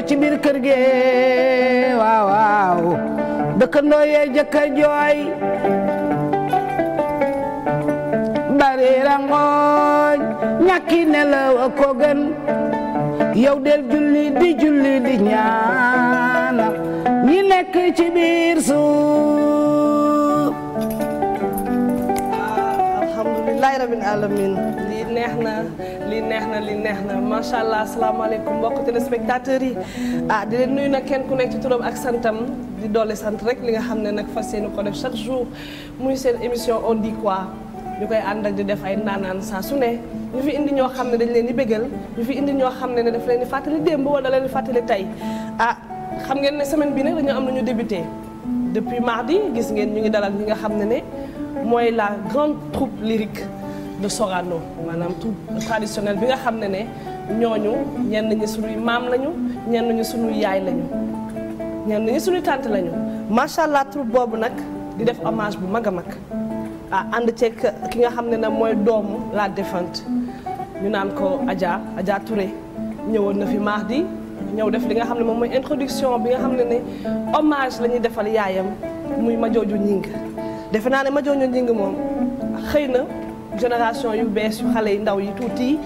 nga ci biir kër gi waaw waaw dëkkandoo yee jëkk jooy bari rangooñ ñàkki nelaw a ko del julli di julli di ñaana ñi nekk ci biir suuf alhamdulillahi rabbil alamin neex na lii neex na lii neex na macha allah asalaamaaleykum mbokk téléspectateurs yi ah di leen nuyu nag kenn ku nekk ci turam ak santam di doole sant rek li nga xam ne nag fas yéene ko def chaque jour muy seen émission on dit quoi ñu koy ànd ak di def ay naan naan saa su ne ñu fi indi ñoo xam ne dañ leen di bégal ñu fi indi ñoo xam ne ne daf leen di fàttali démb wala leen di fàttali tey ah xam ngeen ne semaine bi nag dañoo am lu ñu débuté depuis mardi gis ngeen ñu ngi dalal ñi nga xam ne ne mooy la grande troupe lyrique de Sorano maanaam tout traditionnel bi nga xam ne ne ñooñu ñenn ñi suñuy maam lañu ñenn ñi yaay lañu ñenn ñi suñuy macha allah troupe boobu nag di def hommage bu mag a mag ah ànd ceeg ki nga xam ne ne mooy doomu la défunte ñu naan ko Adja Adja Touré ñëwoon na fi mardi ñëw def li nga xam ne moom mooy introduction bi nga xam ne ne la ñuy defal yaayam muy Majooju Ñing defe naa ne Majooju Ñing moom xëy na génération yu bees yu xale yu ndaw yi tuuti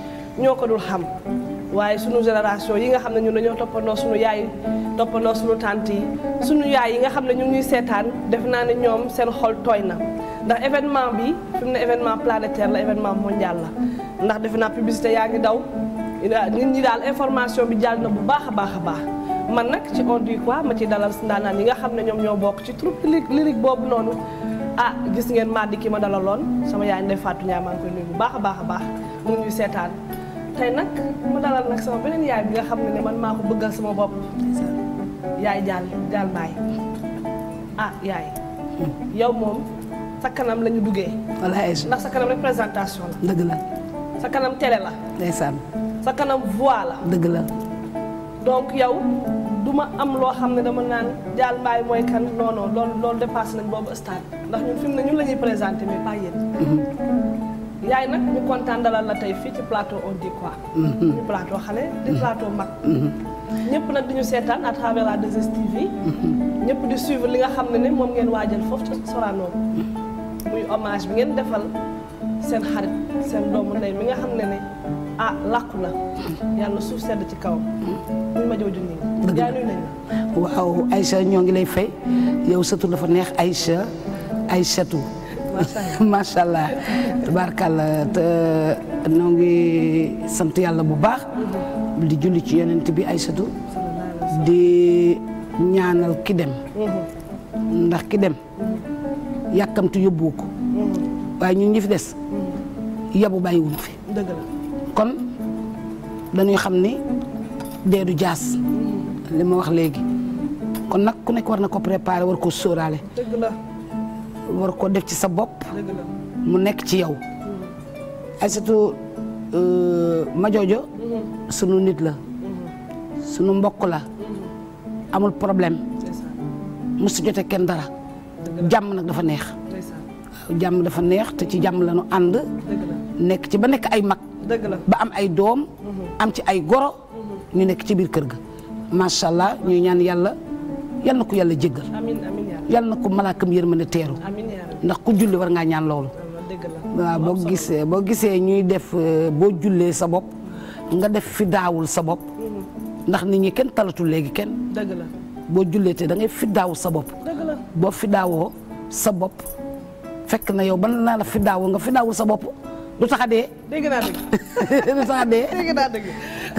ñoo ko dul xam waaye sunu génération yi nga xam ne ñun dañoo toppandoo sunu yaay toppandoo sunu tante yi sunu yaay yi nga xam ne ñu ngi seetaan def naa ne ñoom seen xol tooy na ndax événement bi fi ne événement planétaire la événement mondial ndax defe naa publicité yaa ngi daw nit ñi daal information bi jàll bu baax a baax a baax man nag ci on dit ma ci dalal si ndaanaan yi nga xam ne ñoom ñoo bokk ci troupe lyrique boobu noonu ah gis ngeen mardi ki ma dalaloon sama yaay Ndeye Fatou Ndiaye maa koy nuyu bu baax baax baax mu ngi seetaan tey nag mu dalal nag sama beneen yaay bi nga xam ne ne man maa ko bëggal sama bopp. yaay jaal jaal baay ah yaay. yow moom sa kanam la ñu duggee. wallaahi ndax sa kanam représentation la. dëgg la. sa kanam télé la. ndeysaan. sa kanam voix la. dëgg la. donc yow. ma am loo xam ne dama naan Dial Mbaye mooy kan non non loolu loolu dépassé nañ boobu stade ndax ñun fi mu ne ñun la ñuy présenté mais pas yéen. Mhm. yaay nag ñu kontaan dalal la tey fii te plateau on dit quoi. ñu mhm. plateau xale di mhm. plateau mag. ñëpp nag di ñu seetaan à travers la 2STV. ñëpp di suivre li nga xam ne ne moom ngeen waajal foofu ci Sorano muy hommage bi ngeen defal seen xarit seen doomu ndey mi nga xam ne ne ah làkku na yàlla suuf sedd ci kaw muy ma jooju nii. dëgg la waaw Aïcha ñoo ngi lay fay yow sa tur dafa neex ay Aïchatu macha allah barkalla te ñoo ngi yàlla bu baax di julli ci yonent bi ay Aïchatu di ñaanal ki dem mm-hmm. ndax ki dem yàkkamtu yóbbu ko mm-hmm. waaye ñun ñi fi des mm-hmm. yabu bàyyiwuñ fi kon dañuy xam ni dee du jaas li ma wax léegi kon nag ku nekk war na ko préparer war ko sóoraale. war ko def ci sa bopp. mu nekk ci yow. ay surtout euh, Majoojo. Mhm. sunu nit la. Mhm. sunu mbokk la. Mhm. amul problème. musu jote kenn dara. jàmm nag dafa neex. jàmm dafa neex te ci jàmm la ñu ànd. nekk ci ba nekk ay mag. ba am ay doom. am ci ay goro. ñu nekk ci biir kër ga. macha allah ñuy ñaan yàlla yal na ko yàlla jéggal yal na ko malaakam yërmande teeru ndax ku julle war ngaa ñaan loolu waa boo gisee boo gisee ñuy def eh, boo jullee sa bopp nga def fi daawul sa bopp mm-hmm. ndax nit ñi kenn talatul léegi kenn boo jullee te da ngay fi daawu sa bopp boo fi daawoo sa bopp fekk na yow ba naa la fi nga fi daawul sa bopp du tax dee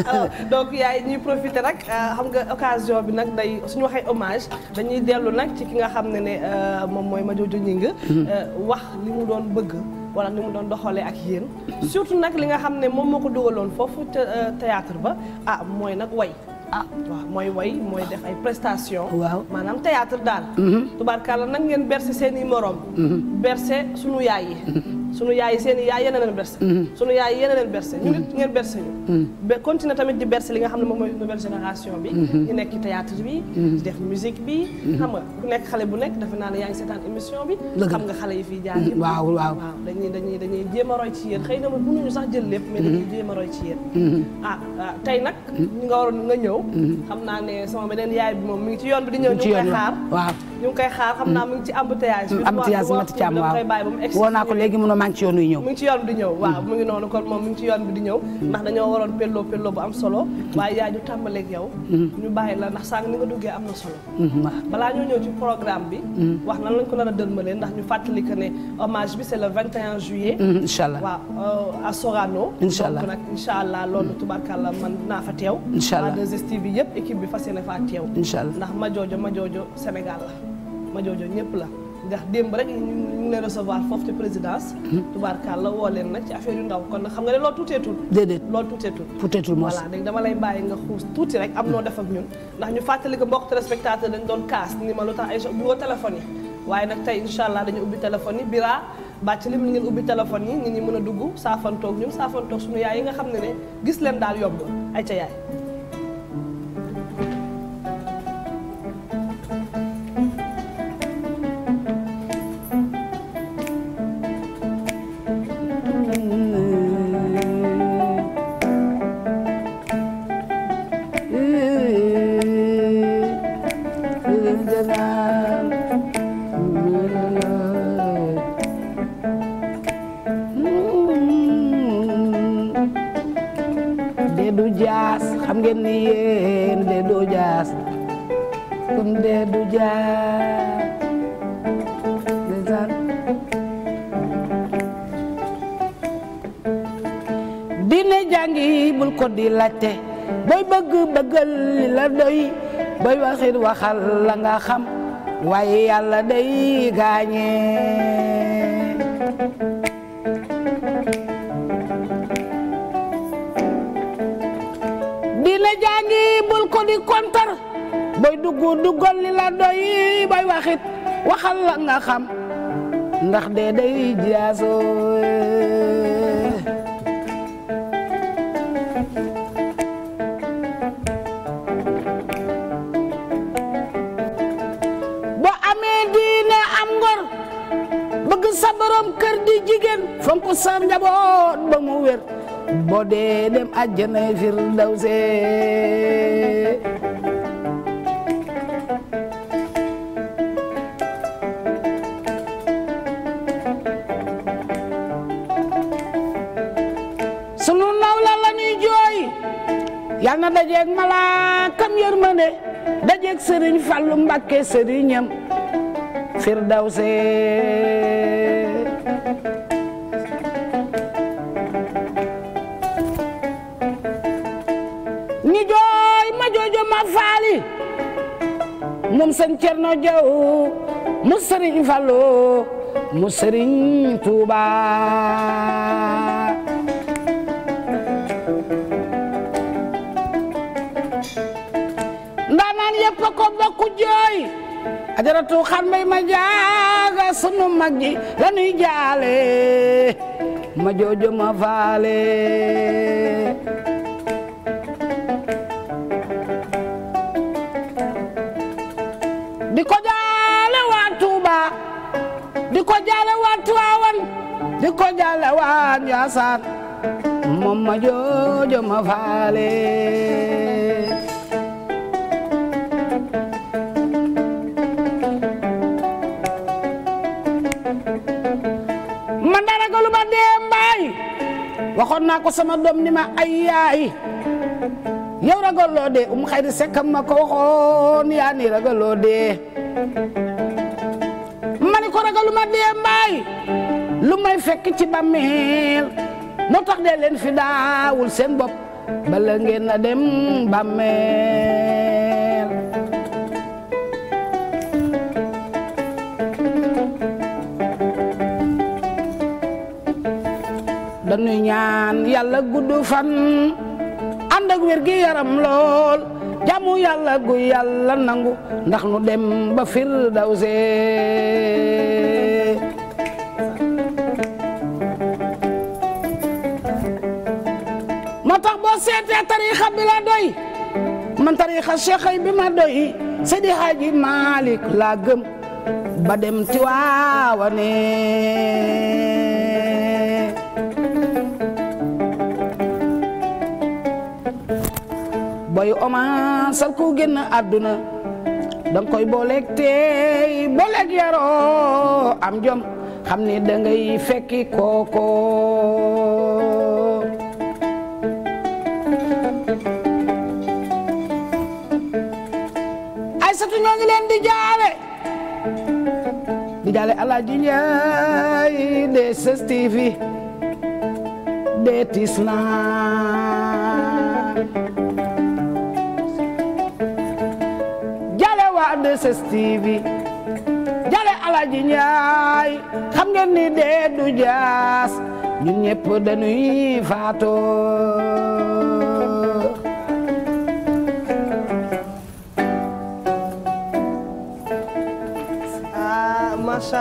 alors donc yaay ñuy profité rek euh, xam nga occasion bi nag day suñu waxee hommage dañuy dellu nag ci ki nga xam ne ne euh, moom mooy Madiodio Gningue mm-hmm. euh, wax li mu doon bëgg wala ni mu doon doxalee ak yéen surtout nag li nga xam ne moom moo ko dugaloon foofu ca ba ah mooy nag way ah mooy woy mooy def ay prestation waaw maanaam théâtre daal mm-hmm. tubaarkàlla nag ngeen berse seeni i morom mm-hmm. berse suñu yaay yi sunu yaay seen i yaay yéen a leen mm-hmm. sunu yaay yéen a leen berse ñu nit mm-hmm. ngeen berse ñu mm-hmm. bi ñu nekk ci théâtre bi def musique bi nekk xale bu nekk dafa naa ne seetaan émission bi xam nga xale yi fii jaar waaw waaw waaw dañuy dañuy a roy ci yéen na ma mënuñu sax jël lépp mais dañuy jéem a roy ci yéen ah, ah, tey nag ñu nga waroon nga ñëw xam naa ne sama beneen yaay bi moom mi ngi ci yoon bi di ñëw ñu ngi koy xaar ñu ngi koy xaar xam naa mu ngi ci embouteillage bi bi mati càmm waaw woo naa ko léegi mu maa ngi ci yoon wi ñëw mu ngi ci yoon bi di ñëw waaw mu ngi noonu kon moom mu ngi ci yoon bi di ñëw hmm. ndax dañoo waroon pelloo pelloo bu am solo waaye yaa ñu tàmbaleeg yow hmm. ñu bàyyi la ndax sànq ni nga duggee am na solo hmm, balaa ñoo ñëw ci programme bi wax nan lañ ko nar a dëlmalee ndax ñu fàttali que ne hommage bi c'est le 21 juillet incha allah waaw euh, à Sorano incha allah donc nag incha allah loolu tubarkàlla man naa fa teew incha allah 2STV bi yëpp équipe bi fas yéene faa teew incha allah ndax ma joojo ma joojo Sénégal la ma joojo ñëpp la ndax démb rek ñu ngi recevoir foofu ci présidence. Hmm? tubaarkàlla woo leen nag ci affaire yu ndaw kon nag xam nga ne loolu tuuteetul. déedéet loolu tuuteetul. tuuteetul mos voilà léegi dama lay bàyyi nga xuus tuuti rek am noo def ñun. ndax ñu fàttali ko mbokk téléspectateur dañ doon kaas ni ma lu tax ay so bureau téléphone yi waaye nag tey incha allah dañu ubbi téléphone yi bira bàcc lim ngeen ubbi téléphone yi nit ñi mën a dugg saafantoog ñun saafantoog suñu yaay yi nga xam ne ne gis leen daal yomb ay laajte booy bëgg bëggal li la doy booy waxit waxal nga xam waaye yàlla day gaañe di la di kontar booy dugg duggal li doy booy waxit waxal xam ndax dee day jaasoo wér boo dee dem àjjana firdawsi sunu naw la la jooy yal na dajeeg malaakam yërmande dajeeg sëriñ Fallu Mbàkke sëriñam firdawsi moom sëñ Cerno Jaw mu sëriñ Fallu mu sëriñ Tuuba ndaanaan yëpp a ko bokk jooy ajaratu xar mbay ma jaaga sunu mag ji la nuy ma joojo ma faale Njaasaan moom ma joojo ma faale man dara ma dee mbaay waxoon naa ko sama doom ni ma ay yaay yow dee um xayri sekkam ma ko waxoon yaa ni dee ma ni ko ragaluma dee mbaay lu may fekk ci bàmmeel moo tax dee leen fi daawul seen bopp bala ngeen a dem bàmmeel dañuy ñaan yàlla gudd fan ànd ak wér gi yaram lool jaamu yàlla gu yàlla nangu ndax nu dem ba firdawse soo seetee tariixa bi doy man tariixa cheikhay bi doy Seydi Haaji Malick laa gëm ba dem ci waawane boy oma sal ku génn àdduna danga koy booleeg teey booleeg yaroo am jom xam ni dangay fekki kooko aysatu ñoo ngi leen di jaale di jaale alaaji njaay de sës TV de tis jaale waa de sës TV jaale alaaji njaay xam ngeen ni dee du jaas ñun ñëpp dañuy faatoo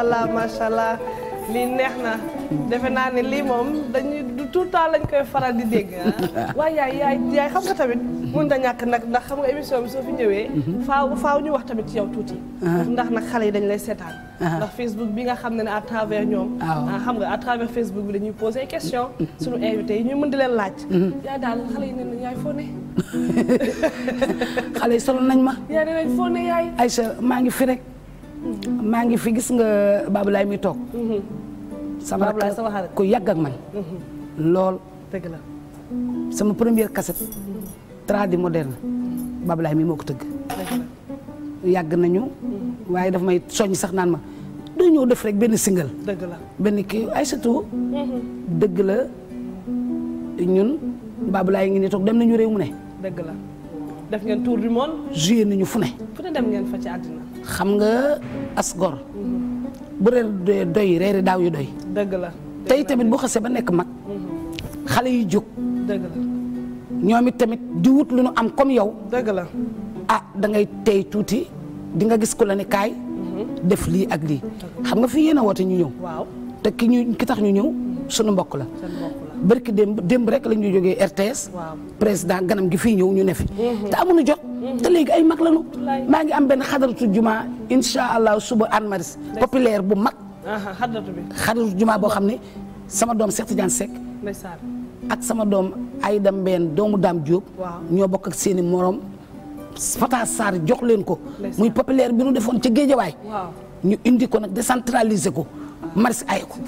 allah macha allah lii neex na defe naa ne lii moom dañuy du tout le temps lañ koy faral di dégg ah. waaye yaay yaay yaay xam nga tamit mun da ñàkk nag ndax xam nga émission bi soo fi ñëwee mhm. faaw faaw ñu wax tamit ci yow tuuti ah. ndax nag xale yi dañ lay seetaan ah. ndax Facebook bi nga xam ne ne à travers ñoom xam nga à travers Facebook bi dañuy posé ay question mhm. suñu invité yi ñu mën di leen laaj mhm. yaay daal xale yi ne nañ yaay foo ne xale yi solo nañ ma yaay ne nañ foo ne yaay maa ngi fi rek maa ngi fi gis nga Babalaay mi toog. Mhm. sama rakk ku yàgg ak mhm. lool. dëgg la sama première cassette. tradi moderne. Babalaay mi moo ko tëgg. yàgg nañu. Mhm. waaye daf may soñ sax naan ma doo ñëw def rek benn single. dëgg la benn kii ay surtout. dëgg la ñun Babalaay ngi ne toog dem nañu réew mu ne. dëgg la def ngeen tour du monde. nañu fu ne. fu ngeen fa ci àddina. xam nga as gor bu reer doy reeri daaw yu doy. dëgg la tey tamit bu xasee ba nekk mag. xale yu jóg. dëgg ñoom it tamit di wut lu nu am comme yow. dëgg la ah da tey tuuti di nga gis ku la ne kaay. def lii ak lii. xam nga fi yéen a woote ñu ñëw. waaw te ki ñu ki tax ñu ñëw sunu mbokk la. barki démb démb rek la ñuy jógee RTS. président ganam gi fii ñëw ñu ne fi. Mhm. te nu jot. Mhm. te léegi ay mag lañu. maa ngi am benn xadaratu jumaa incha allah suba an maris populaire bu mag. xadaratu bi xadaratu boo xam ne sama doom Cheikh Tidiane Seck. ak sama doom Ayda Mbène doomu Dame Diop. ñoo bokk ak seeni moroom Fata Sarr jox leen ko. muy populaire bi nu defoon ci Géejawaay. ñu indi ko nag décentraliser ko. mars ay ko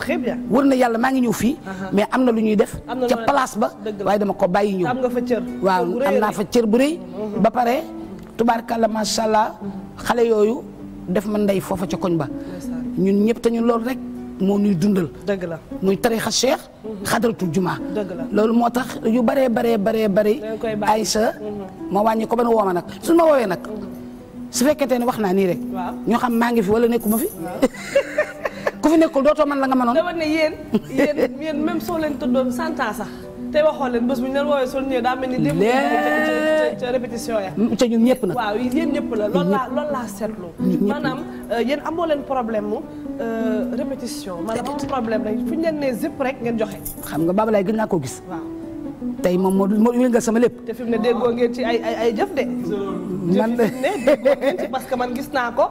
wër na yàlla maa ngi ñëw fii mais am na lu ñuy def ca place ba waaye dama ko bàyyi ñëw waaw am naa fa cër bu rëy mhm. ba pare tubaar tubaarkàlla macha allah xale yooyu def ma ndey foofu ca koñ ba ñun ñëpp te ñun loolu rek moo ñuy dundal dëgg la muy tarixa cheikh mhm. xadaratul juma loolu moo tax yu baree baree baree bari Aïcha mhm. ma wàññi ko ba nu wooma nag suñu ma woowee nag su fekkente ne wax naa nii rek ñoo xam maa ngi fi wala nekkuma fi ku fi nekkul dootoo mën la nga mënoon. dama ne yéen yéen yéen même soo leen tuddoon santaa sax te waxoon leen bés bu ñu leen wooyee soo ñëwee daa mel ni. lépp ñëpp nag waaw yéen ñëpp la loolu laa loolu laa seetlu. maanaam euh, yéen amoo leen problème mu euh, répétition. maanaam ma problème rek fu ñu leen nee zip rek ngeen joxe. xam nga Babalay gën naa koo gis. waaw tey moom moo moo yëngal sama lépp. te fi mu ne déggoo ngeen ci ay ay ay jëf de. man parce que man gis naa ko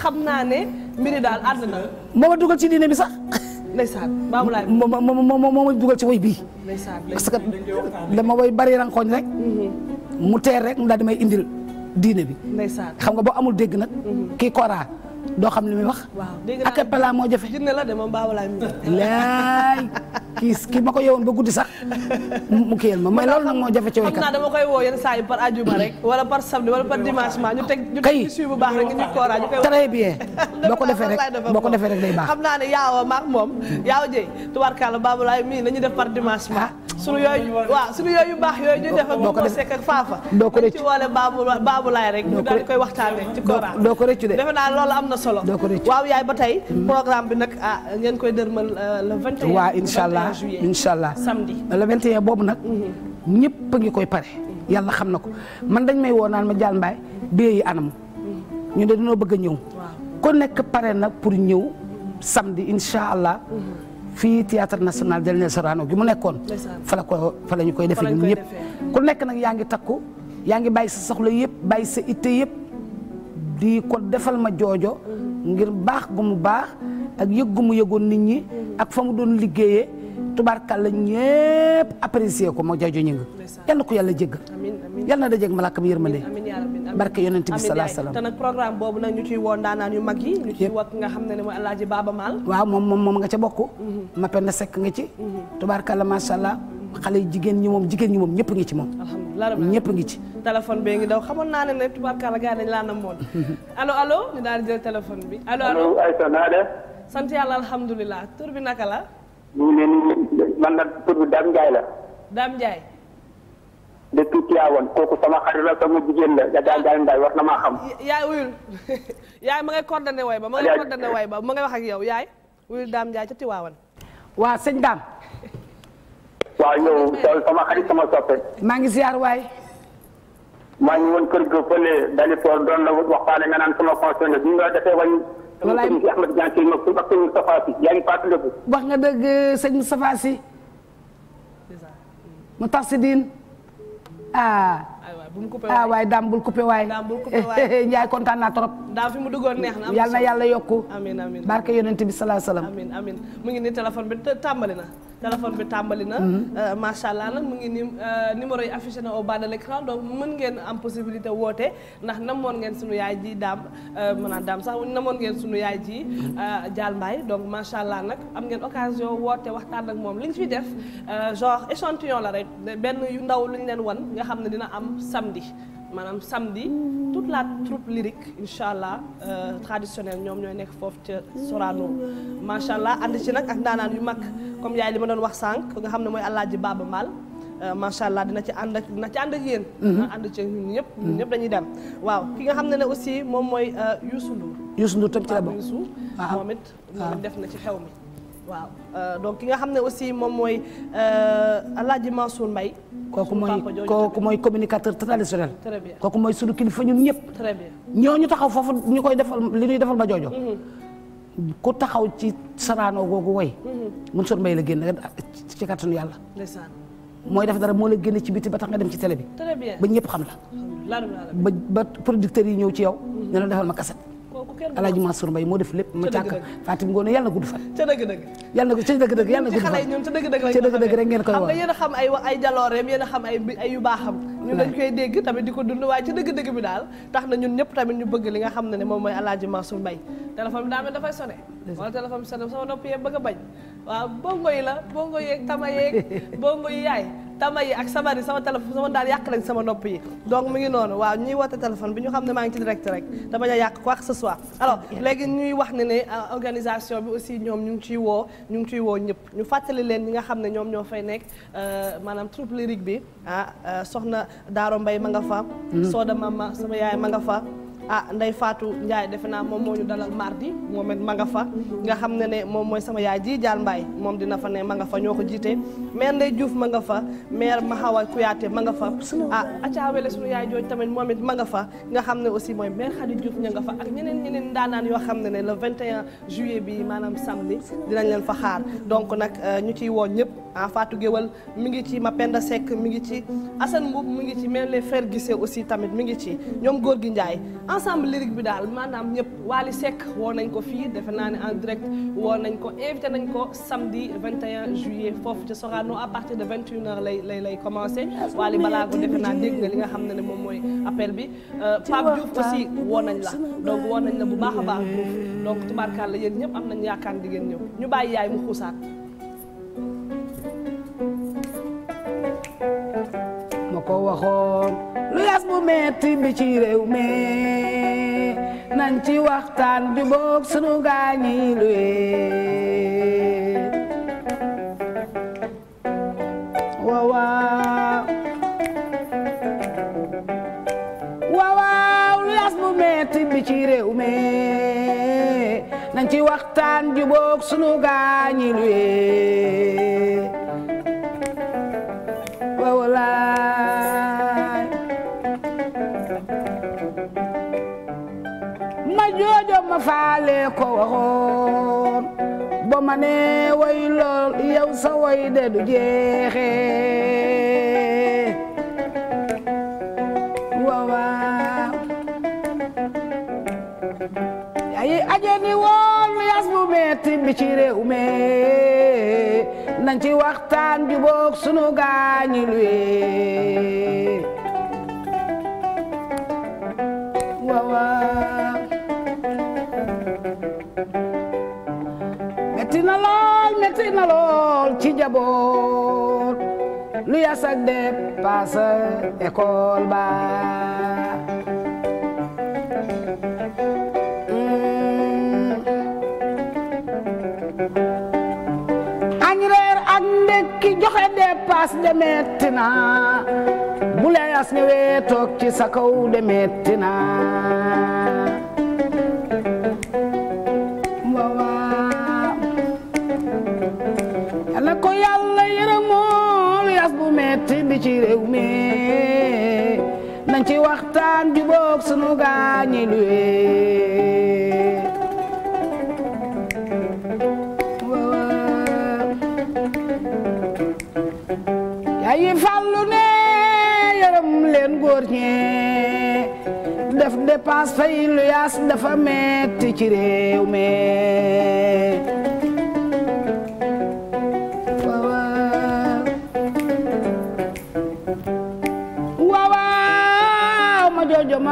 xam naa ne mbiri daal ànd na. moo ma dugal ci diine bi sax. ndeysaan baabu laay moo moo ma moo ma dugal ci woy bi ndeysaan parce que dama woy bari rankooñ rek. Mhm. mu teer rek mu daal di may indil diine bi. ndeysaan xam nga boo amul dégg nag. Mhm. kii koraa. doo xam li muy wax. waaw acapella moo jafe. kii kii ko yewoon ba guddi sax mu kiyal ma mais loolu nag moo jafe ci waykat. boo ko defee rek boo ko defee rek day baax. xam naa ne yaawa maak moom. yaawa jëy tubaarkàlla baabu laay mii nañu def par dimanche ma. Ah. sunu yooyu waaw sunu yooyu baax yooyu ñu def ak mu ko sekk ak faafa doo ko rëcc ci woole baabu baabu laay rek ñu defe naa loolu am na solo waaw yaay ba tey programme bi nag ah ngeen koy dërmal euh, le 21 waaw incha allah incha allah samedi le 21 boobu nag mhm. ñëpp a ngi koy pare yàlla xam na ko man dañ may woo naan ma jàll mbaay bee anam mhm. ñu ne dañoo bëgg a ñëw ku nekk pare nag pour ñëw samedi incha fi mhm. fii théâtre national del Sorano gi mu nekkoon fala la ko fa la ñu koy defee ñun ñëpp ku nekk nag yaa ngi takku yaa ngi bàyyi sa soxla yëpp bàyyi sa itte yëpp di ko defal ma joojo ngir baax gu mu baax ak yëg gu mu yëgoon nit ñi ak fa mu doon liggéeye liggéeyee tubaarkàlla ñépp apprécier ko moo joojo ñu ngi yal na ko yàlla jéggal yal na da jeg malaakam yërmande barke yonent bi salaa salaam te nag programme boobu nag ñu ciy woo ndaanaan yu mag yi nga xam ne ne mooy alaaji Baaba Maal waaw moom moom moom nga ca bokk mhm. ma penn sekk nga ci mhm. tubaarkàlla macha allah xale jigéen ñi moom jigéen ñi moom ñëpp ngi ci moom ñëpp ngi ci. téléphone bee ngi daw xamoon naa ne ne tubaarkalla gars dañu laa namoon. allo ñu daal di jël téléphone bi. allo allo Aïssa naa sant yàlla alhamdulilah tur bi naka la. ñu ngi man la tur bi Dame Ndiaye la. Dame kooku sama xarit la sama jigéen la da daan ah. daan Ndiaye war na maa xam. yaay wuyul yaay ma ngay coordonné way ba ma ngay coordonné ba ma ngay wax ak yow yaay wuyul Dame Ndiaye ca Thiawane. waa sëñ Dame. waaw yow sama xarit sama soppe. maa ngi ziar waay. maa ngi woon kër ga fële dali ko doon na waxtaane nga naan sama conseil nga bi nga defee wañ. walaay sëñ Ahmed Diagne Sy mag ak sëñ Moustapha Sy yaa ngi fàttaliku. wax nga dëgg sëñ Moustapha Sy. Ah. mu tax si diin ah. ah waay dam bul coupé waay. dam bul kontaan naa trop. daaw fi mu duggoon neex na. yal na yàlla yokku. amiin amiin barke yonent bi salaa salaam. amiin amiin mu ngi nii téléphone bi tàmbali na. téléphone bi tàmbali na. Mm-hmm. Euh, macha allah nag mu ngi ni euh, numéro yi affiché na au bas de l'écran donc mën ngeen am possibilité woote ndax namoon ngeen sunu yaay ji daam euh, maanaam daam sax namoon ngeen suñu yaay ji mm-hmm. Dial Mbaye donc macha allah nag am ngeen occasion woote waxtaan ak moom li ñu fi def genre échantillon la rek benn yu ndaw lu ñu leen wan nga xam ne dina am samedi. maanaam samedi tout la troupe lyrique incha allah euh, traditionnelle ñoom ñooy nekk foofu ca Sorano macha allah ànd ci nag ak ndaanaan yu mag comme yaay li ma doon wax sànq nga xam ne mooy Alaaji Baaba Maal euh, macha allah dina ci ànd ak dina ci ànd ak yéen. Mhm. ànd ci ñun ñëpp ñëpp dañuy dem waaw ki nga xam ne ne aussi moom mooy euh, Youssou Ndour. Youssou Ndour tam ci la bokk waaw moom moom def na ci xew mi. waaw euh, donc ki nga xam ne aussi moom mooy euh, Alaaji Mansour Mbaye kooku mooy kooku mooy communicateur traditionnel. très kooku mooy sunu kilifa ñun ñëpp. très bien ñooñu taxaw foofu ñu koy defal li ñuy defal ma joojo. Mm-hmm. ku taxaw ci saraanoo googu mun mm-hmm. Mansour Mbaye la génn ci kàttanu yàlla. ndeysaan mooy def dara moo la génn ci biti ba tax nga dem ci télé bi. très ba ñëpp xam la. ba producteurs yi ñëw ci yow. ñu mm-hmm. defal ma kaset. Alaaji Mansour Mbaye moo def lépp ma càkk Fatim Ngoone yàlla na gudd fan ca dëgg dëgg yàlla na ca dëgg dëgg yàlla na gudd fan ca dëgg dëgg ca ngeen koy wax yéen a xam ay ay jalooreem yéen a xam ay ay yu baaxam ñun koy dégg tamit di ko dund waaye ca dëgg dëgg bi daal tax na ñun ñëpp tamit ñu bëgg li nga xam ne ne moom mooy Alaaji Mansour Mbaye téléphone bi daa mel dafay soné wala téléphone bi soné sama nopp yee bëgg a bañ waaw bongo yi la bongo yeeg tama yeeg bongo yi yaay tama yi ak sama yi sama téléphone sama daal yàq lañ sama nopp yi donc mi ngi noonu waaw ñuy woote téléphone bi ñu xam ne maa ngi ci direct rek dama ñu yàq quoi que ce soit alors léegi ñuy wax ne ne euh, organisation bi aussi ñoom ñu ngi ciy woo ñu ngi ciy woo ñëpp ñu fàttali leen ñi nga xam ne ñoom ñoo fay nekk euh, maanaam troupe lyrique bi ah euh, soxna Daaro Mbay ma nga fa mm. Soda Mama sama yaay ma nga fa ah ndey faatu Ndiaye defe naa moom moo ñu dalal mardi moom it ma nga fa nga xam ne ne moom mooy sama yaay ji jaal mbaay moom dina fa ne ma nga fa ñoo ko jiite maire Ndeye Diouf ma nga fa maire Mahawa Kouyaté ma nga fa ah Aca Wele suñu yaay jooju tamit moom it fa nga xam ne aussi mooy maire Khady Diouf nga fa ak ñeneen ñeneen ndaanaan yoo xam ne ne le 21 juillet bi maanaam samedi dinañ leen fa xaar donc nag euh, ñu ciy woo ñëpp ah faatu Guéwal mu ngi ci ma Mapenda Seck mi ngi ci Assane Mboub mi ngi ci maire les frères Guissé aussi tamit mi ngi ci ñoom góor gi Ndiaye ensemble lyrique bi daal maanaam ñëpp Wally Seck woo nañ ko fii defe naa ne en direct woo nañ ko invité nañ ko samedi juillet foofu ci Sorano à partir de 21h lay lay lay commencé defe naa dégg nga li nga xam ne ne moom mooy appel bi euh, Pape Diouf aussi woo nañ la donc woo nañ la bu baax a baax Diouf donc tubaarkàlla yéen ñëpp am nañ yaakaar di ñëw ñu bàyyi yaay mu xuusaat ma ko waxoon las mu metti bi ci réew mi nañ ci waxtaan ju boog sunu gaañi luye waawaaw waawaaw las mu metti bi ci réew mi nañ ci waxtaan ju boog sunu gaañi luye joojo ma faale ko waxoon ba ma ne way lool yow sa way de du jeexee waawaaw ay ajeni woon yas bu metti bi ci réew me ci waxtaan ju boog sunu gaañi luye metti na lool metti na lool ci jaboot lu yasak de paase école ba hmm. añ reer ak joxe de paas de metti na bu la yas ñëwee toog ci sa kaw de metti na ci réew mi ci waxtaan ju boog sunu gaañi luwee yayi fallu ne yërëm leen góor ñe def dépense fay lu yaas dafa metti ci réew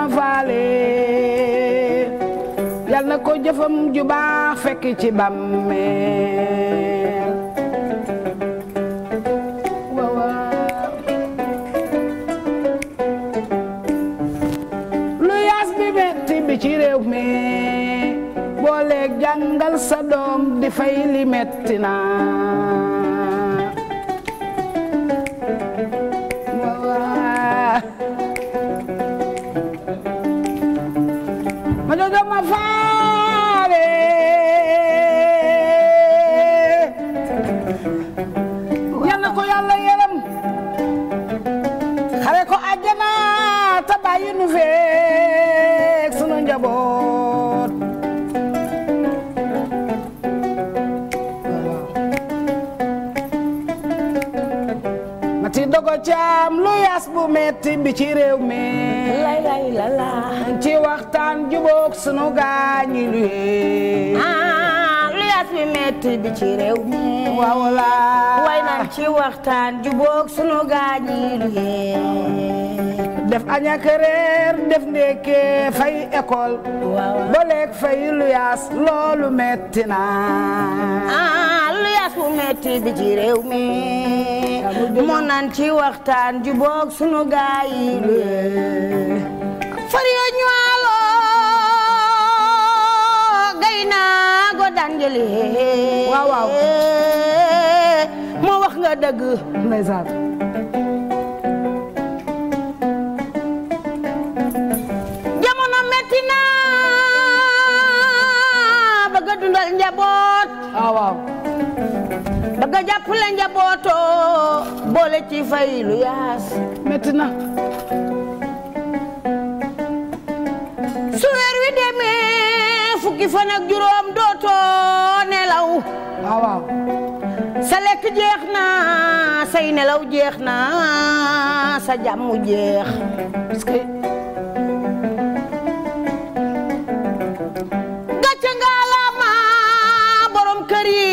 faale yal na ko jëfam ju fekk ci bàmmeel lu yaas bi metti bi ci réew mi booleeg jàngal sa doom di fay li metti na njaboot mati dogo caam lu yas bu metti bi ci réew mi lay lay la la ci waxtaan jubóog sunu gaañi lu ah, bi metti bi ci réew mi waaw la way nan ci waxtaan jubóog sunu gaañi def añak reer def ndékkee fay école booleeg fay luyaas loolu metti na ah, luyaas mu metti bi ci réew mi mu nan ci waxtaan ji boog sunu gaay yi luyee far yoo ñuwaaloo gay naa go danjali waaw waaw wax nga dëgg dundal njaboot waaw ah, waaw bëgg a ci fay lu yaas metti na su weer wi demee fukki fan ak juróom dootoo nelaw ah, sa lekk jeex na say nelaw jeex na sa jàmm jeex parce que gàcce nga yi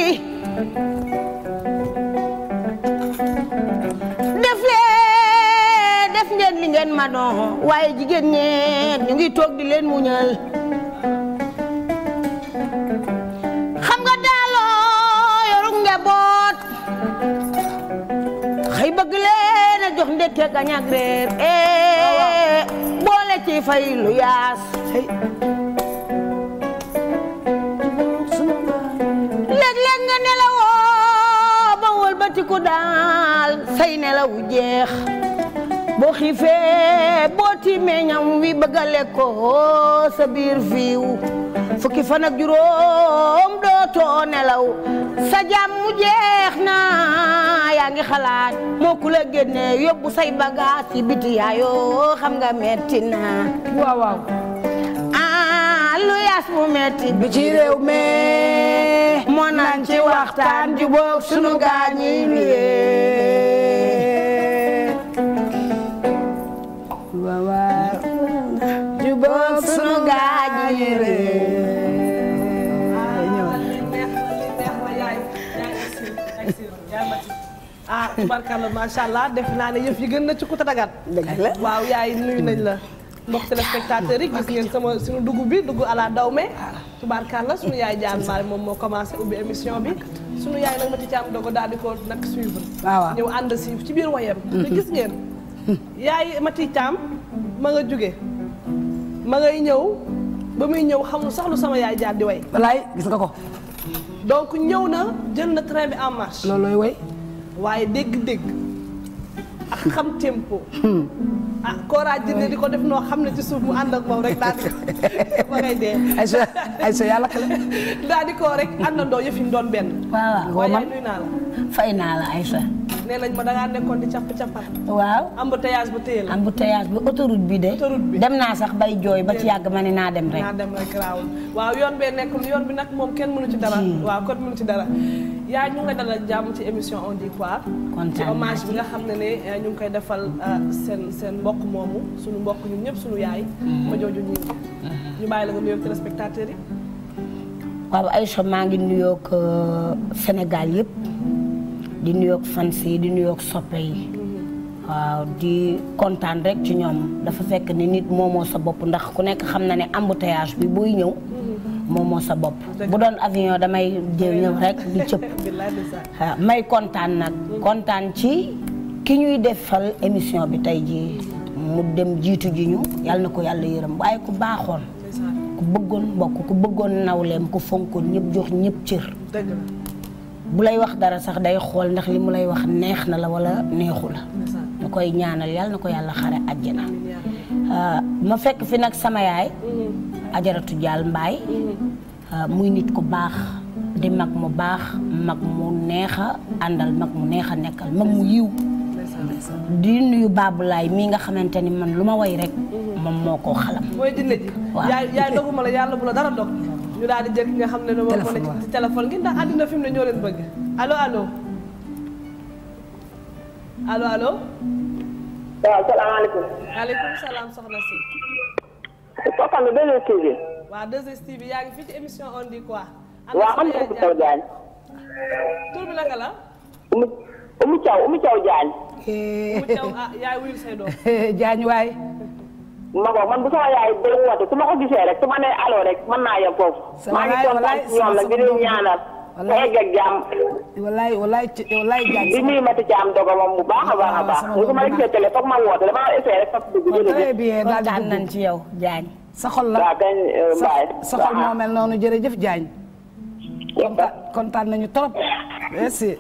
def leen def ngeen li ngeen manoo waaye jigéen ñeen ñu ngi toog di leen muñal xam nga daaloo yorug njaboot xëy bëgg leen a jox ndekkee kañak reer eh, ah, boole ci lu yaas ku daal say nelaw jeex boo xiifee boo tiimee ñam wi bëgg a lekkoo sa biir fiiw fukki fan ak juróom dootoo nelaw sa jàmm jeex na yaa ngi xalaat moo ku la yóbbu say bagaas yi yaayoo xam nga metti na waaw waaw ah lu yaas mu metti bi ci réew mee nañ ci waxtaan ju boog sunu gaañ yi nuyee waaw def naa ne yëf yi gën na ci ku tadagat. dëgg la waaw yaay nuyu mbokk téléspectateur yi gis ngeen sama suñu dugub bi dugg ala dawme la suñu yaay jaan maari moom moo commencé ubbi émission bi suñu yaay nag Mati Thiam Dogo daal di ko nag suivre waaw ñëw ànd si ci biir wayam mm-hmm. te gis ngeen Mati Thiam ma nga jóge ma ngay ñëw ba muy ñëw xamul sax lu sama yaay jaan di way walaay gis nga ko donc ñëw na jël na en marche loolu looy waaye dégg-dégg ak xam tempo. Hmm. ah Kora Jinde di ko def noo xam ne ci suuf mu ànd ak rek daal ay sa yàlla daal di ko rek àndandoo yëf yi mu doon benn. waaw waaw naa la. fay naa la ay sa. nee nañ ma da ngaa nekkoon di capp cappa waaw am bu téye la. embouteillage bu autoroute bi de. autoroute bi dem naa sax bay jooy ba ci yàgg ma ne naa dem rek. naa dem rek raawul waaw yoon bee nekk yoon bi nag moom kenn mënu ci dara. Hmm. waaw kon mënu ci dara. yaa ñu nga dalal jàmm ci émission on di quoi. ci hommage bi nga xam ne ne eh, ñu ngi koy defal eh, seen seen mbokk moomu suñu mbokk ñun ñëpp suñu yaay. Mm-hmm. ma jooju ñu mm-hmm. ñu bàyyi la nga nuyoog téléspectateurs yi. waaw Aïcha maa ngi nuyoog eh, Sénégal yëpp. di nuyoog fans yi di nuyoog soppe yi. Mm-hmm. waaw di kontaan rek ci ñoom dafa fekk ni nit moomoo sa bopp ndax ku nekk xam na ne embouteillage bi buy ñëw. moom moo sa bopp bu doon avion damay jël ñëw rek di cëpp waaw ah, may kontaan nag kontaan ci ki ñuy defal émission bi tey jii mu dem jiitu ji ñu yàlla na ko yàlla yërëm waaye ku baaxoon ku bëggoon mbokk ku bëggoon nawleem ku fonkoon ñëpp jox ñëpp cër bu lay wax dara sax day xool ndax li mu lay wax neex na la wala neexu la ñu koy ñaanal yàlla na ko yàlla xare àjjana ah, ma fekk fi nag sama yaay mm-hmm. ajaratu jaal mbaay euh, muy nit ku baax di mag mu baax mag mu neexa a àndal mag mu neex a nekkal mag mu yiw di nuyu baabulaay mii nga xamante ni man lu ma way rek moom moo ko xalam mooy dina ji yaay yaay doguma la yàlla bu la dara dog ñu daal di nga xam ne ne moom moo nekk ci téléphone gi ndax àddina fi mu ne ñoo leen bëgg allo allo allo allo waaw salaamaaleykum. maaleykum salaam soxna si Fapal la 2STV. waaw 2STV yaa ngi fii ci émission on dit quoi. waaw am na ko Sow Diagne. tur bi naka la. Oumou Oumou Thiaw Oumou Thiaw Diagne. Oumou Thiaw ah, ma ko man bu sama yaay ba woote su ma ko gisee rek su ma nee allo rek mën naa yem foofu. maa ngi kontaan ci ñoom nag di wallaay egg ak jàmm. wallaay wallaay ci wallaay jàmm. di nuyu a la gisee télé foog ma woote dama essayé rek foog ci yow Diagne. sa la waaw kañ euh, Mbaye. sa xol moo mel noonu jërëjëf kontaan nañu trop merci.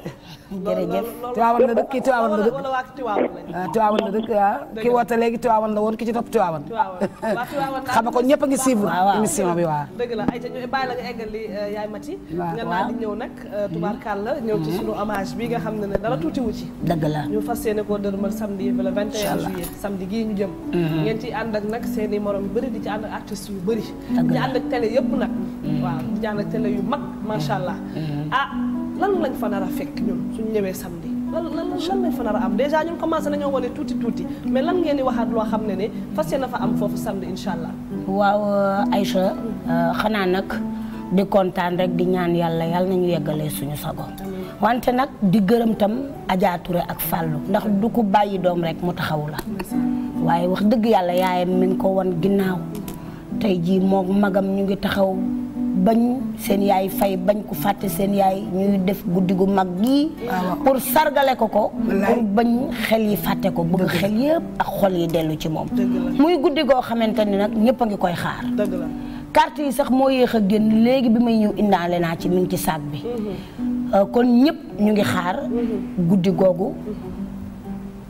jërëjëf Tiwaawan la dëkk kii Tiwaawan la dëkk waaw ah, Tiwaawan la dëkk waaw ah. ki woote léegi Tiwaawan la woon ki ci topp Tiwaawan xam nga ko ñëpp a ngi suivre émission bi waa dëgg la ay ta ñu bàyyi la nga eggal li euh, yaay Mati nga naa di ñëw nag euh, tubaarkàlla mm-hmm. bi nga xam ne ne dara tuutiwu ci dëgg la ñu fas yéene koo dërmal samedi le 21 juillet samedi gii ñu jëm mm-hmm. ngeen ci ànd ak nag seeni morom yu bëri di ci ànd ak artistes yu bari di ànd ak télé yëpp nag mm-hmm. waaw di ànd ak télé yu mag macha allah ah, lan lañ fa a fekk ñun suñ ñëwee samedi lan lan lan lañ a am dèjà ñun commencé nañoo wane tuuti tuuti mais lan ngeen di waxaat loo xam ne ne fas yéene fa am foofu samedi incha allah. ay sa euh, euh, xanaa nag di kontaan rek di ñaan yàlla yàlla nañu yeggalee suñu sago. wante nag di gërëm tam Adja Touré ak Fallou ndax du ko bàyyi doom rek mu taxawu la. waaye wax dëgg yàlla yaayam mi ngi ko won ginnaaw tey jii moom magam ñu ngi taxaw. bañ seen yaay fay bañ ku fàtte seen yaay ñuy def guddi gu mag gi pour sargale ko ko pour bañ xel yi fàtte ko bëgg xel yëpp ak xol yi dellu ci moom muy guddi goo xamante ni nag ñëpp a ngi koy xaar carte yi sax moo yéex a génn léegi bi may ñëw indaale naa ci mi ci saag bi mm-hmm. euh, kon ñëpp ñu ngi xaar mm-hmm. guddi googu mm-hmm.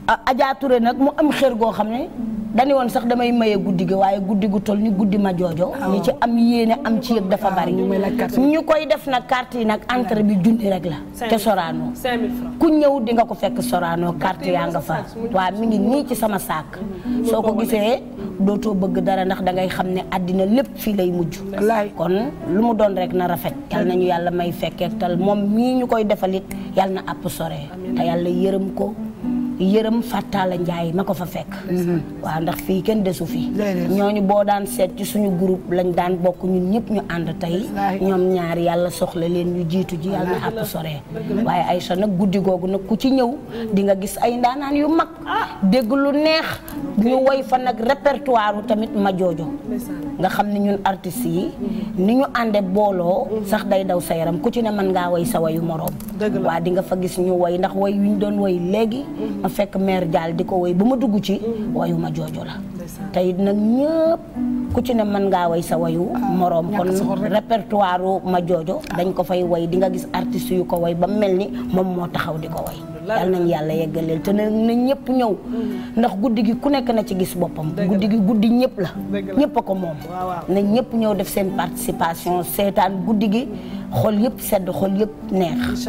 Adja Touré nag mu am xër goo xam ne dañu woon sax damay maye guddi gi waaye guddi gu toll ni guddi ma joojo ñi ah. ci am yéene am ci yëg dafa bari ñu koy def nag carte yi nag entrée bi junni rek la te Sorano ku ñëw di nga ko fekk soraanoo carte yaa nga fa waaw mi ngi nii ci sama saak mm-hmm. soo ko gisee dootoo bëgg dara ndax dangay xam ne àddina lépp fii lay mujj kon lu mu doon rek na rafet yal ñu yàlla may fekkeetal moom mii ñu koy defalit yal na àpp sore te yàlla yërëm ko yërëm fàttaala njaay ma ko fa fekk waaw ndax fii kenn desu fi ñooñu boo daan seet ci suñu groupe lañ daan bokk ñun ñëpp ñu ànd tey ñoom ñaar yàlla soxla leen ñu jiitu ji yàlla na àpp soree waaye Aïcha nag guddi googu nag ku ci ñëw di nga gis ay ndaanaan yu mag ah. dégg lu neex ñu woy fa nag répertoire tamit ma joojoo nga xam ne ñun artistes yi ni ñu ànde booloo mm-hmm. sax day daw sa yaram ku ci ne man ngaa woy sa wayu moroom waa di fa gis ñu woy ndax woy yuñ doon léegi mm-hmm. ma fekk mère Dial di ko woy bu ma dugg ci mm-hmm. woyu ma jooju la tey nag ñëpp ku ci ne mën ngaa woy sa woyu ah, moroom kon répertoire ma joojo dañ ko fay woy dinga nga gis artistes yu ko woy ba mel ni moom moo taxaw di ko woy yal nañ yàlla yeggaleel te na na ñëpp ñëw mm-hmm. ndax guddi gi ku nekk na ci gis boppam guddi gi guddi ñëpp la ñëpp a ko moom na ñëpp ñëw def seen participation seetaan guddi gi xol yëpp sedd xol yëpp neex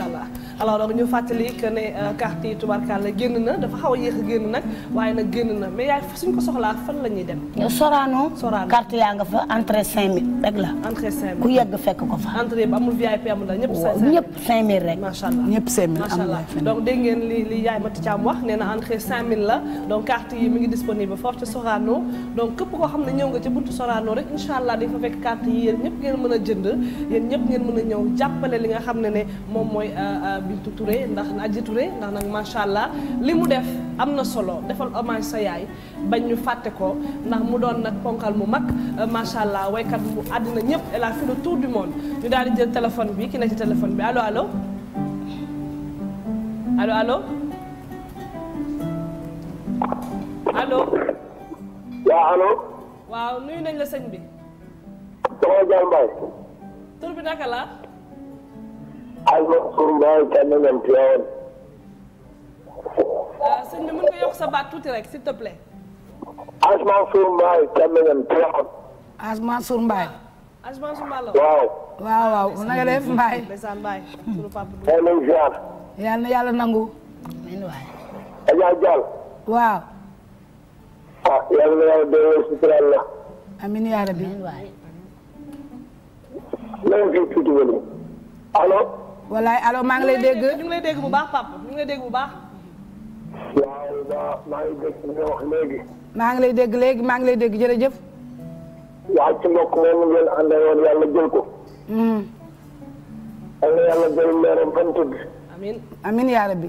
alors donc ñu fàttali que ne euh, carte yi tubarkalla na dafa xaw a yéex génn nag waaye nag génn na mais soxlaa fan la ñuy dem. Sorano. Sorano carte yaa nga fa entrée 5000 rek la. entrée 5000 ku yegg fekk ko fa. entrée ba amul ñëpp. 5000 ñëpp 5000 rek. macha allah ñëpp 5000 am na donc dégg ngeen li li yaay Mati Thiam wax nee na entrée 5000 la donc carte yi mi ngi disponible fort ci Sorano donc képp koo xam ne ñëw nga ci buntu Sorano rek incha allah dañ fa fekk carte yi yéen ñëpp ngeen mën a jënd yéen ñëpp ngeen mën a ñëw jàppale li nga xam ne ne moom mooy euh, euh, Bintu Touré ndax Adji Touré ndax nag macha allah li mu def am na solo defal hommage sa yaay bañ ñu fàtte ko ndax mu doon nag ponkal mu mag euh, macha allah waykat mu àddina ñëpp elle a fait le du monde ñu daal di jël téléphone bi ki na ci téléphone bi alo allo allo allo waaw allo. nañ la sëñ bi. tur bi naka la. almasuru maay kenn ñoom Thiawane. sëñ bi mën nga yokk sa baat tuuti rek s'il te plaît. almasuru maay kenn ñoom Thiawane. almasuru mbaay. almasuru mbaay la waaw. waaw waaw na nga yàlla nangu. ah yal na yàlla delloo la. amiin yaa rabbi. amiin waay. maa ngi fi tuuti wala wallaay alo maa ngi lay dégg. ñu ngi lay dégg bu baax papa lay dégg bu baax. waaw maa ngi nga wax léegi. lay dégg léegi maa ngi lay dégg jërëjëf. waaw ci mbokk moomu ngeen àndaloon yàlla jël ko. Hmm. yàlla yàlla jël meeram fan tudd. amiin amiin yaa rabbi.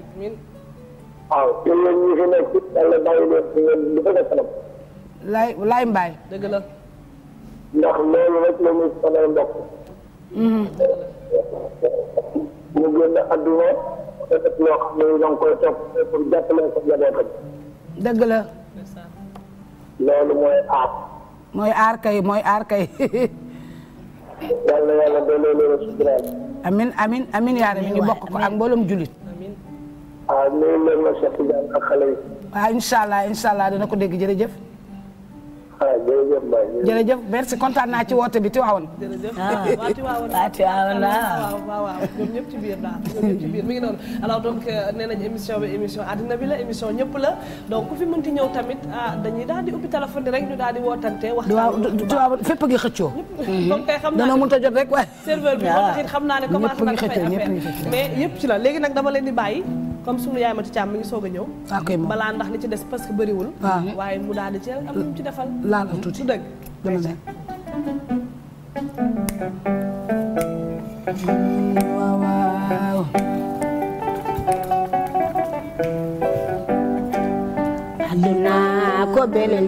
waaw yéen ñi fi nekk yàlla leen fi mbaay. dëgg la. ndax loolu rek la mu génn àdduna loolu mooy aar. mooy aar kay mooy aar kay. yàlla yàlla delloo loolu suturaal. amiin amiin amiin yaa rabbi ñu bokk ko ak mbooloom jullit. ah nuyu leen ma Cheikh Tidiane ak xale yi. waaw incha allah incha ko dégg jërëjëf. Ah, jërëjëf merci kontaan naa ci woote bi Tiwaawoon. jërëjëf ah, waaw Tiwaawoon waaw Tiwaawoon ah, waaw waaw waaw ñoom ñëpp ci biir daal ñoom ñëpp ci biir mi ngi noonu alors donc euh, nee nañ émission bi émission àddina bi la émission ñëpp la donc ku fi mënti ñëw tamit ah dañuy daal di ubbi téléphone rek ñu daal di wootante wax. waaw Tiwaawoon fépp a ngi xëccoo. comme mm-hmm. kay xam naa ne dana mënut a jot rek waaye. serveur bi moo taxit xam naa ne commencé na fay affaire mais yëpp ci la léegi nag dama leen di bàyyi. comme sunu yaay Mati Thiam mi ngi soog a ñëw. Ah, balaa ndax li ci des parce que bëriwul. Ah. waaye mu daal di ci defal. laal am tuuti su dëgg. waaw ko belel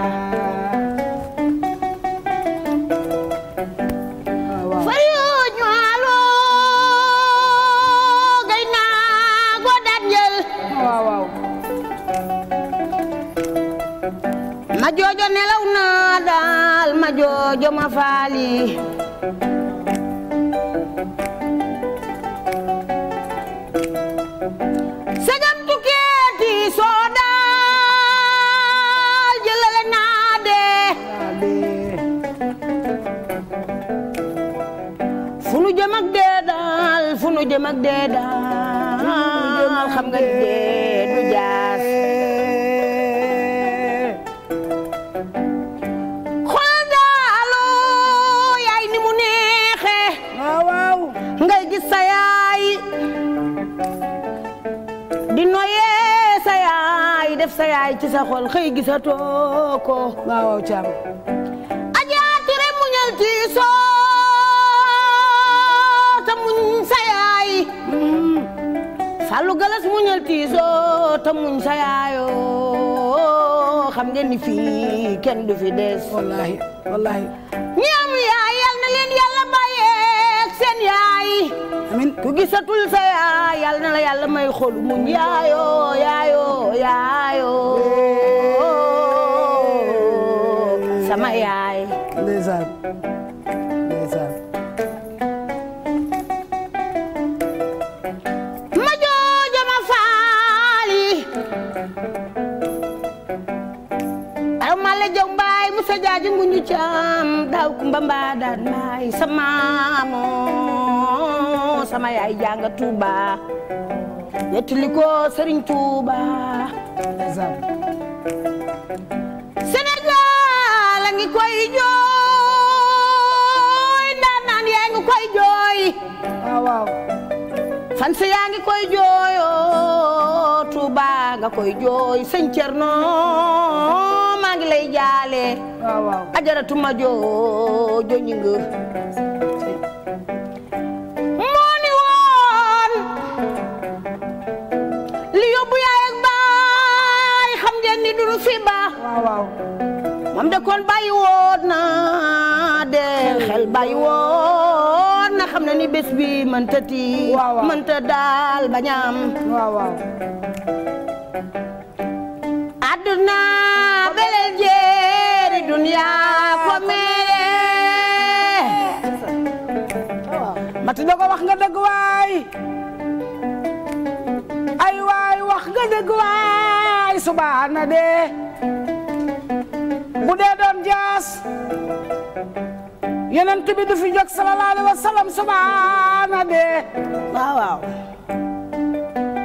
nga dee du jaas xool daalo oh, yaay ni mu neexe waaw ngay gis sa yaay di noyee sa yaay def sa yaay ci sa xol xëy gisatoo ko waaw caam allu galas muñal tiisoo te muñ sa yaayoo xam ngeen ni fii kenn du fi des. wallaahi am yaay yal na leen yàlla bàyyeeg seen yaay. amiin ku yaay yal na la yàlla may xolu muñ yaayoo. jaaji nguñu caam daaw kumba mbaa daan maay sa maamo sama yaay Tuuba yettili ko sëriñ Tuuba Sénégal a koy jooy ndaan naan yaa ngi koy jooy fan sa yaa ngi koy jooyo Tuuba nga koy jooy sëñ Cerno ngi lay jaale waaw waaw ajaratuma joojo moo ni woon li yóbbu yaay baay xam ngeen du nu ba waaw de kon bàyyi woon na hmm. xel bàyyi woon xam na ni bés bi mënta tii mënta daal bañaam waaw waaw yaa ko mere mati dogo wax nga dëgg waay ay waay wax nga dëgg waay subaana de bu dee doon jaas yonent bi du fi jóg sallallahu alayhi subaana de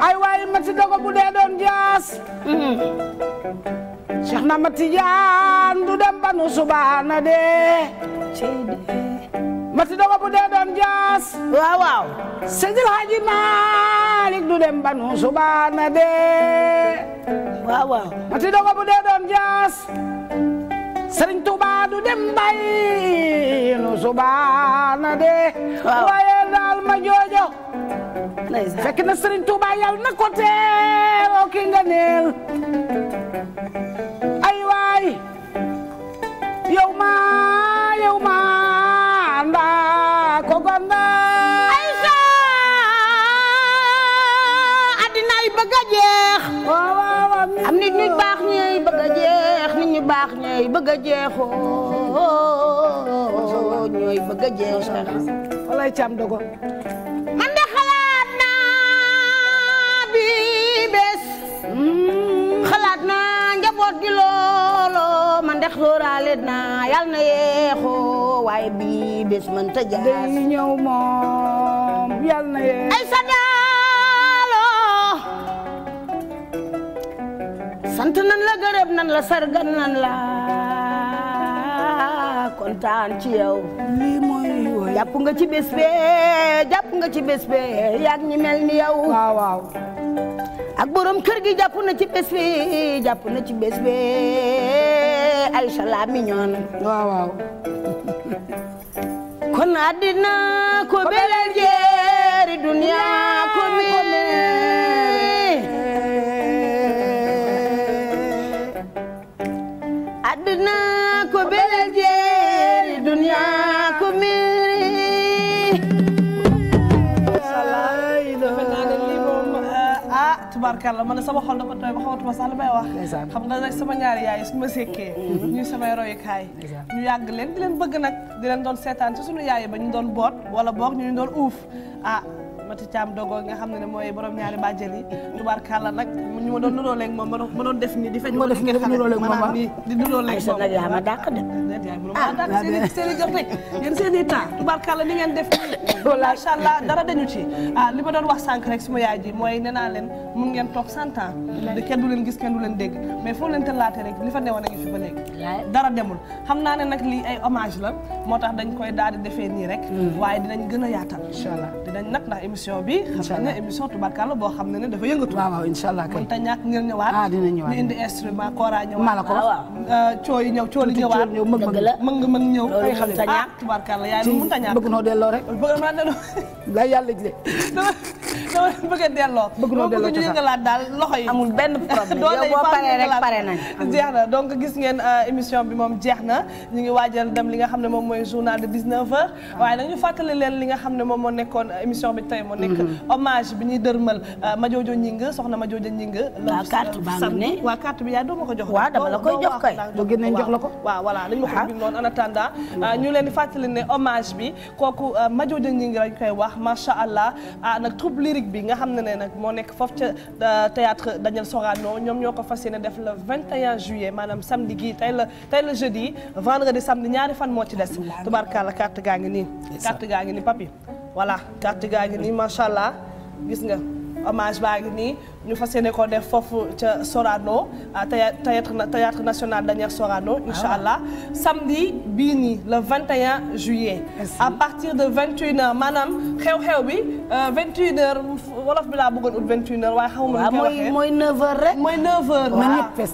ay waay mati dogo bu dee doon jaas mm-hmm. Cheikh na ma du dem nu subaana dee mati dogo bu dee doon jaas waaw waaw Seydil Hadji Malick du dem nu subaana dee waaw waaw mati dogo bu dee doon jaas Serigne Touba du dem nu subaana dee waaye daal ma joojo fekk na Serigne Touba na ko teeroo ki yow ma yow ma anda ko gonda ay sa addinaay bëgg a jeex am nit ñu baax ñey bëgg a jeex nit ñu baax ñey bëgg a jeexoo ñooy bëgg a jeex walay cam dogo man xalaat naa bi bés hmm. xalaat naa njaboot gi sóoraale naa yal na yeexoo waaye bii bés man ta jaas day ñëw moom yal na yeex ay sa daaloo sant nan la gërëm nan la sargan nan la kontaan ci yow lii nga ci bés bee jàpp nga ci bes bee yaag ñi ni yow ak borom kër gi jàpp na ci bés bi jàpp na ci bes bi Aïcha la mignonne waaw waaw kon àddina ko belal jeeri duniyaa tubaarkàlla man sama xol dafa tooy ba xamatuma sax li may wax xam nga nag sama ñaari yaay su ma sekkee mhm. ñuy samay royukaay ñu yàgg leen di leen bëgg nag di leen doon seetaan ci suñu yaay ba ñu doon boot wala boog ñu doon uuf ah Mati Thiam Dogo nga xam ne mooy borom ñaari bàjjen yi tubaarkàlla nag ñu ma doon nuroo léegi moom ma doon def nii di feñ nii di nuroo léegi ah. rek yéen seen i temps tubaarkàlla ni ngeen def nii macha allah dara dañu ci ah li ma doon wax naa leen mun a demul xam naa ne nag lii ay la moo tax dañ koy daal di defee nii rek hmm. waaye dinañ gën a yaatal dinañ nag ndax émission bi. xam ne émission tubarkalla boo xam ne dafa yëngatu. waaw waaw incha allah kay mënta ñàkk ngeen ñëwaat. ah dina ñëwaat ñu indi instrument kora ñëwaat. maa la ko wax ah, euh, coo yi ñëw coo li ñëwaat tuuti coo ñëw mën nga mën ñëw. loolu mënta ñàkk ah tubarkalla yaay mënta ñàkk. bëgg noo delloo rek. bëgg naa delloo. la yàlla ji de. dama leen bëgg a delloo. bëgg noo delloo ñu yëngalaat daal loxo yi. amul na donc gis ngeen euh, émission bi moom jeex na li nga xam ne moom mooy journal de 19h. Ah. waaye ñu leen li nga xam ne moom moo nekkoon euh, émission bi tey moo nekk. Mm-hmm. hommage bi ñuy dërmal euh, Madiodio Gningue soxna Madiodio Gningue. waaw carte baa ma ko jox. waaw la koy jox la ko. waaw voilà dañu ko ah. bindoon en attendant ñu leen di fàttali ne hommage bi kooku Madiodio Gningue lañ koy wax macha allah nag trouble lyrique bi nga xam ne ne nag moo nekk foofu ca euh, théâtre Daniel Sorano ñoom ñoo ko fas yéene def le 21 juillet maanaam samedi gii tey la tey la jeudi vendredi samedi ñaari fan moo ci des tubaarkàlla carte gaa ngi nii carte gaa ngi nii papi voilà carte gaa ngi nii macha allah gis nga hommage baa ngi nii ñu fas yéene ko def foofu ca Sorano ah, théâtre théâtre national Daniel Sorano ah. incha allah samedi bii nii le 21 juillet à partir de 21h maanaam xew-xew bi 21h euh, wolof bi laa bëggoon ut 21h waaye xamuma nu koy waxee mooy 9h rek mooy 9h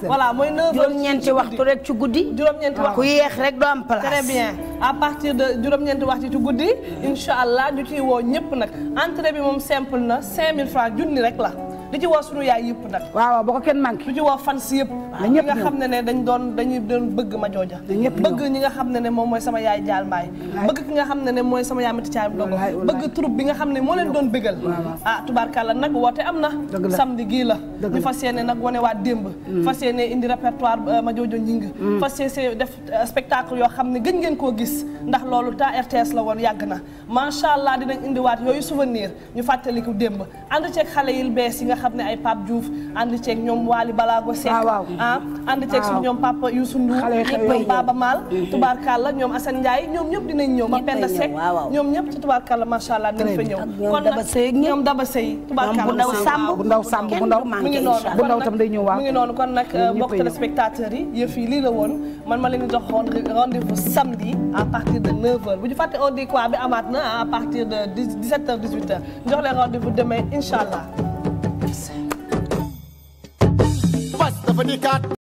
voilà mooy 9h juróom-ñeenti waxtu rek ci guddi juróom-ñeenti ah. waxtu ku rek am place très bien à partir de juróom-ñeenti waxtu ci guddi incha allah ñu ciy woo ñëpp nag entrée bi moom simple na 5000 francs junni rek la di ci woo sunu yaay yëpp nag waaw boo ko kenn manqué di ci woo fans yëpp ñi nga xam ne ne dañ doon dañuy doon bëgg ma jooja bëgg ñi nga xam ne ne moom mooy sama yaay jaal mbaay bëgg ki nga xam ne ne mooy sama yaay mati caay dogo bëgg troupe bi nga xam ne moo leen doon bëggal ah tubaarkàlla nag woote am na samedi gii la ñu fas yéene nag wone waat démb mm. fas yéene indi répertoire euh, ma joojo ñing mm. fas yéene def euh, spectacle yoo xam ne gën ngeen koo gis ndax loolu temps RTS la woon yàgg na macha allah dinañ indiwaat yooyu souvenir ñu fàttaliku démb ànd ceeg xale yi yi nga xam ne ay Pape Diouf ànd ceeg ñoom Waly Balago Seck ah, ah ànd ceeg suñu ah. ñoom Papa Youssou Ndour ñoom Baba Maal mm-hmm. tubaarkàlla ñoom Assane Ndiaye ñoom ñëpp dinañ ñëw ma Penda Seck ñoom ñëpp ci tubaarkàlla macha allah dinañ fa ñoom Daba Sey tubaarkàlla bu ndaw sàmb bu ndaw mu ngi noonu bu ndaw tam day mu ngi noonu kon nag mbokk téléspectateurs yi yëf lii la woon man ma leen jox rendez-vous samedi à partir de 9 bu ñu fàtte on dit amaat na à partir Pops. First of the cat.